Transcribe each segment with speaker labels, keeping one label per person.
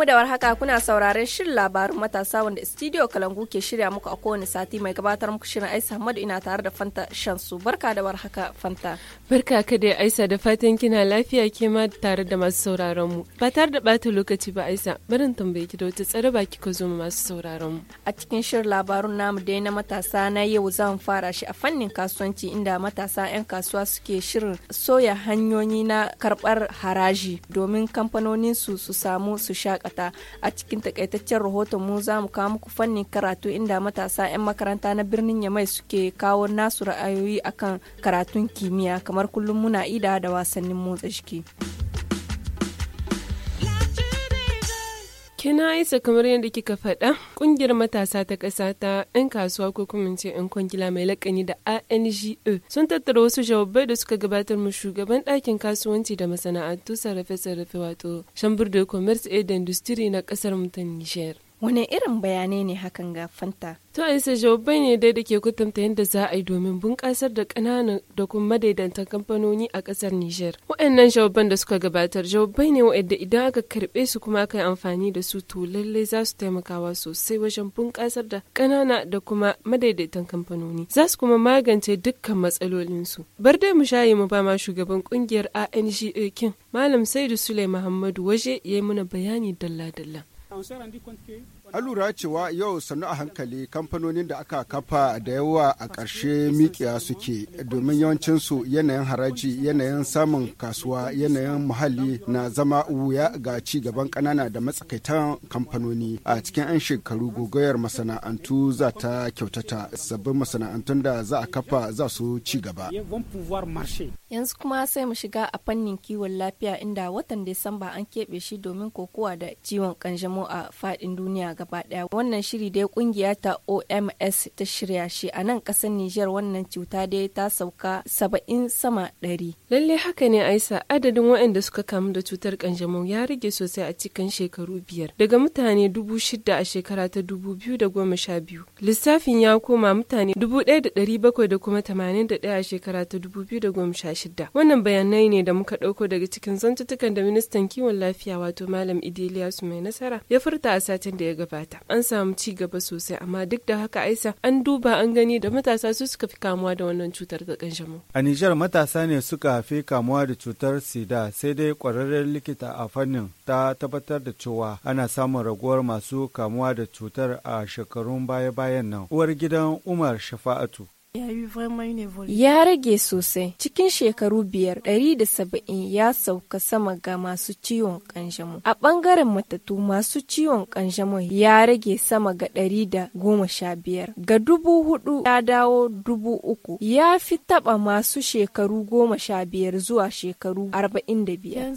Speaker 1: mu da warhaka kuna sauraren shirin labarin matasa wanda studio Kalangu ke shirya muku a kowane sati mai gabatar muku shirin aisa Hamadu ina tare da Fanta Shansu. Barka da warhaka Fanta.
Speaker 2: Barka ka da aisa da fatan kina lafiya ke ma tare da masu sauraron mu. Ba tare da bata lokaci ba aisa barin tambaye ki da wata tsare baki ko zo masu sauraron mu.
Speaker 1: A cikin shirin labarun namu dai na matasa na yau zan fara shi a fannin kasuwanci inda matasa 'yan kasuwa suke shirin soya hanyoyi na karbar haraji domin kamfanonin su su samu su shaƙa shakata a cikin takaitaccen rahoton mu za mu kawo muku fannin karatu inda matasa 'yan makaranta na birnin yamai suke kawo nasu ra'ayoyi akan karatun kimiyya kamar kullum muna ida da wasannin motsa jiki.
Speaker 2: Kina isa kamar yadda kika faɗa ƙungiyar matasa ta ƙasa ta 'yan kasuwa ko kuma ce 'yan kwangila mai lakani da ANGE sun tattara wasu jawabai da suka gabatar mu shugaban ɗakin kasuwanci da masana'antu sarrafe-sarrafe wato Chamber Commerce aid industry na ƙasar mu ta Niger. Wane irin bayanai ne hakan ga Fanta? To isa jawabai ne dai da ke kwatanta yadda za a yi domin bunƙasar da ƙananan da kuma madaidantan kamfanoni a ƙasar Nijar. Waɗannan jawaban da suka gabatar jawabai ne waɗanda idan aka karɓe su kuma aka yi amfani da su to lallai za su taimakawa sosai wajen bunƙasar da ƙanana da kuma madaidaitan kamfanoni. Za su kuma magance dukkan matsalolinsu. Bar dai mu shayi mu ba ma shugaban ƙungiyar ANGA King Malam Saidu Sule Muhammadu waje ya yi mana bayani dalla-dalla.
Speaker 3: on s'est rendu compte que
Speaker 4: An lura cewa yau sannu a hankali kamfanonin da aka kafa da yawa a ƙarshe mikiya suke domin yawancinsu yanayin haraji yanayin samun kasuwa yanayin muhalli na zama wuya ga ci gaban ƙanana da matsakaitan kamfanoni a cikin 'yan shekaru gogoyar masana'antu za ta kyautata sabbin masana'antun da za a kafa za su ci gaba.
Speaker 1: Yanzu kuma sai mu shiga a fannin kiwon lafiya inda watan Disamba an keɓe shi domin kokowa da ciwon kanjamo a faɗin duniya gaba daya wannan shiri dai kungiya ta oms ta shirya shi a nan kasar niger wannan cuta dai ta sauka saba'in sama ɗari lalle haka ne
Speaker 2: aisa adadin waɗanda suka kamu da cutar kanjamau ya rage sosai a cikin shekaru biyar daga mutane dubu shida a shekara ta dubu biyu da goma sha biyu lissafin ya koma mutane dubu ɗaya da ɗari bakwai da kuma tamanin da ɗaya a shekara ta dubu biyu da goma sha shida wannan bayanai ne da muka ɗauko daga cikin zantutukan da ministan kiwon lafiya wato malam su mai nasara ya furta a satin da ya gabata gabata an samu ci gaba sosai amma duk da haka aisa an duba an gani da matasa su suka fi kamuwa da wannan cutar ga kanjamau
Speaker 3: a nijar matasa ne suka fi kamuwa da cutar sida sai dai kwararren likita a fannin ta tabbatar da cewa ana samun raguwar masu kamuwa da cutar a shekarun baya-bayan nan uwar gidan umar shafa'atu
Speaker 4: Ya
Speaker 1: rage sosai cikin shekaru biyar ɗari da saba'in ya sauka sama ga masu ciwon kanjamau. A ɓangaren matatu masu ciwon kanjamau ya rage sama ga ɗari da goma sha biyar. Ga dubu hudu ya dawo dubu uku ya fi taba masu shekaru goma sha biyar zuwa shekaru arba'in da biyar.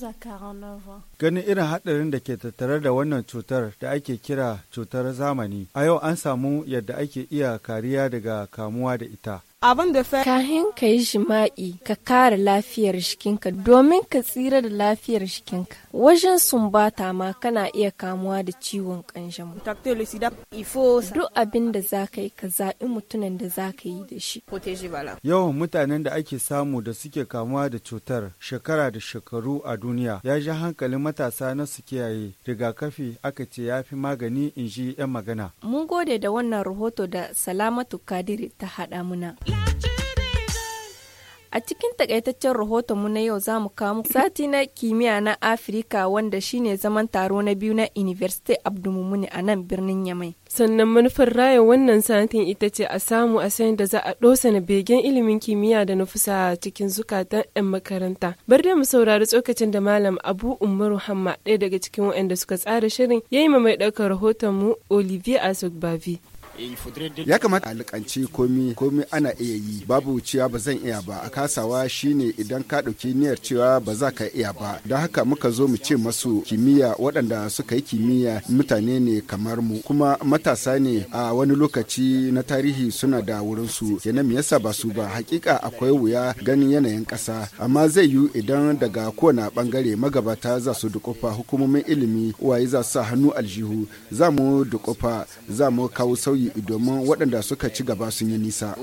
Speaker 3: Ganin irin haɗarin da ke tattare da wannan cutar da ake kira cutar zamani, a yau an samu yadda ake iya kariya daga kamuwa da ita. Gita
Speaker 1: abin da fa kahin ka yi jima'i ka kare lafiyar jikinka domin ka tsira da lafiyar jikinka wajen sumbata ma kana iya kamuwa da ciwon kanjamau duk abin da za ka yi ka zaɓi mutumin da za ka yi da shi
Speaker 3: yawan mutanen da ake samu da suke kamuwa da cutar shekara da shekaru a duniya ya ji hankalin matasa na su kiyaye rigakafi aka ce ya fi magani in ji 'yan magana
Speaker 1: mun gode da wannan rahoto da salamatu kadiri ta haɗa muna A cikin takaitaccen mu na yau za mu kamu sati na kimiyya na Afirka wanda shine zaman taro na biyu na University Abdulmumuni a nan birnin Yamai. Sannan manufar raya wannan satin ita ce a samu a san
Speaker 2: da za a dosa na begen ilimin kimiyya da na fusa cikin zukatan 'yan makaranta. Bar da mu saurari tsokacin da Malam Abu Umaru Hamma ɗaya daga cikin waɗanda suka tsara shirin ya yi mai ɗaukar rahotonmu Olivier Asogbavi.
Speaker 4: ya kamata a likanci komi komi ana iya yi babu cewa ba zan iya ba a kasawa shine idan ka ɗauki niyyar cewa ba za ka iya ba don haka muka zo mu ce masu kimiyya waɗanda suka yi kimiyya mutane ne kamar mu kuma matasa ne a wani lokaci na tarihi suna da wurin kenan me yasa ba su ba hakika akwai wuya ganin yanayin ƙasa amma zai yiwu idan daga kowane bangare magabata za su dukufa hukumomin ilimi uwaye za su sa hannu aljihu za mu dukufa za mu kawo sauyi yi domin waɗanda suka ci gaba sun yi nisa.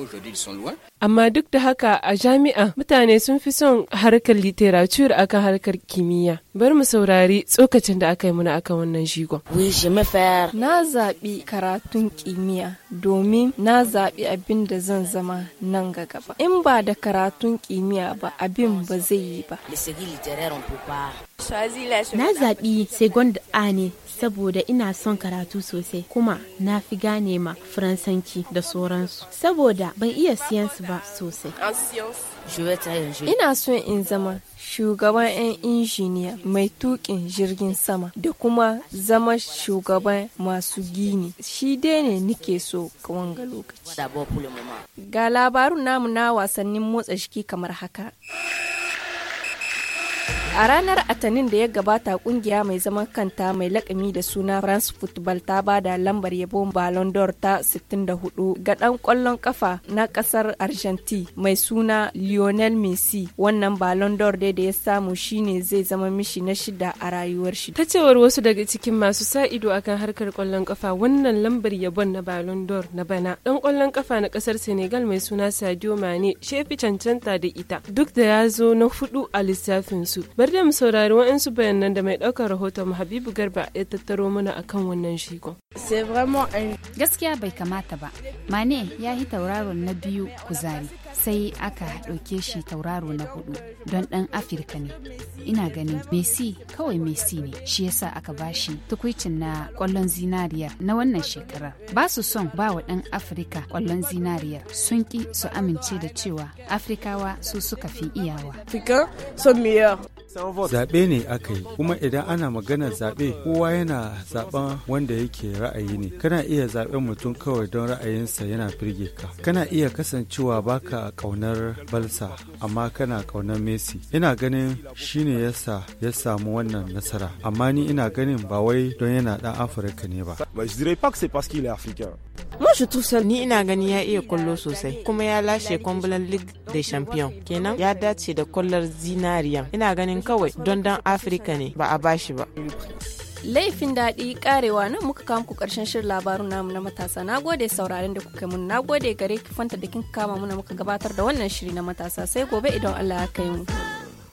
Speaker 2: Amma duk da haka a jami'a mutane sun fi son harkar literature akan harkar kimiyya. Bari mu saurari tsokacin da aka yi muna akan wannan shigon.
Speaker 1: Na zaɓi karatun kimiyya domin na zaɓi abin da zan zama nan ga gaba. In ba da karatun kimiyya ba abin ba zai yi ba. Na zaɓi Segond A ne saboda ina son karatu sosai kuma na fi gane ma Faransanci da sauransu. Saboda ban iya siyan su ba sosai. Ina son in zama shugaban 'yan injiniya mai tukin jirgin sama da kuma zama shugaban masu gini shi dai ne nike so ga lokaci. Ga labarun namu na wasannin motsa jiki kamar haka. A ranar Atanin da ya gabata kungiya mai zaman kanta mai lakami da suna France Football ta ba da lambar yabon Ballon d'Or ta 64 ga dan kwallon kafa na kasar Argentine mai suna Lionel Messi. Wannan Ballon d'Or dai da ya samu shine zai zama mishi na shida a rayuwar shi. Ta cewar wasu daga cikin masu sa ido akan
Speaker 2: harkar kwallon kafa wannan lambar yabon na Ballon d'Or na bana. dan kwallon kafa na kasar Senegal mai suna Sadio Mane shi cancanta da ita duk da ya zo na hudu a lissafin su. bar da mu saurari wa'ansu bayanan da mai ɗaukar rahoton mu Habibu Garba ya tattaro mana akan wannan shigon. Gaskiya bai kamata ba. Mane ya yi tauraron na biyu kuzari. sai aka ɗauke shi tauraro na hudu don ɗan afirka ne ina ganin messi kawai messi ne shi yasa aka bashi tukwicin na ƙwallon zinariya na wannan shekarar ba su son ba wa ɗan afirka kwallon zinariya. sun ki su amince da cewa afirkawa su suka fi iyawa
Speaker 3: zaɓe ne aka yi kuma idan ana maganar zaɓe kowa yana zaɓen wanda yake ra'ayi ne kana iya zaɓen mutum kawai don ra'ayinsa yana firge ka kana iya kasancewa baka baka kaunar balsa amma kana kaunar messi ina ganin shine yasa ya samu wannan nasara amma ni ina ganin ba wai don yana dan afirka ne ba
Speaker 2: Moi je trouve ni ina gani ya iya kwallo sosai kuma ya lashe kwambulan lig da Champion kenan ya dace da kwallar zinariya ina ganin kawai don dan Afirka ne ba a bashi ba.
Speaker 1: laifin daɗi karewa nan muka kawo muku karshen shirin labarun namu na matasa na gode sauraron da kuka mun na gode gare ki fanta da kin kama muna muka gabatar da wannan shiri na matasa sai gobe idan Allah ya kai mu.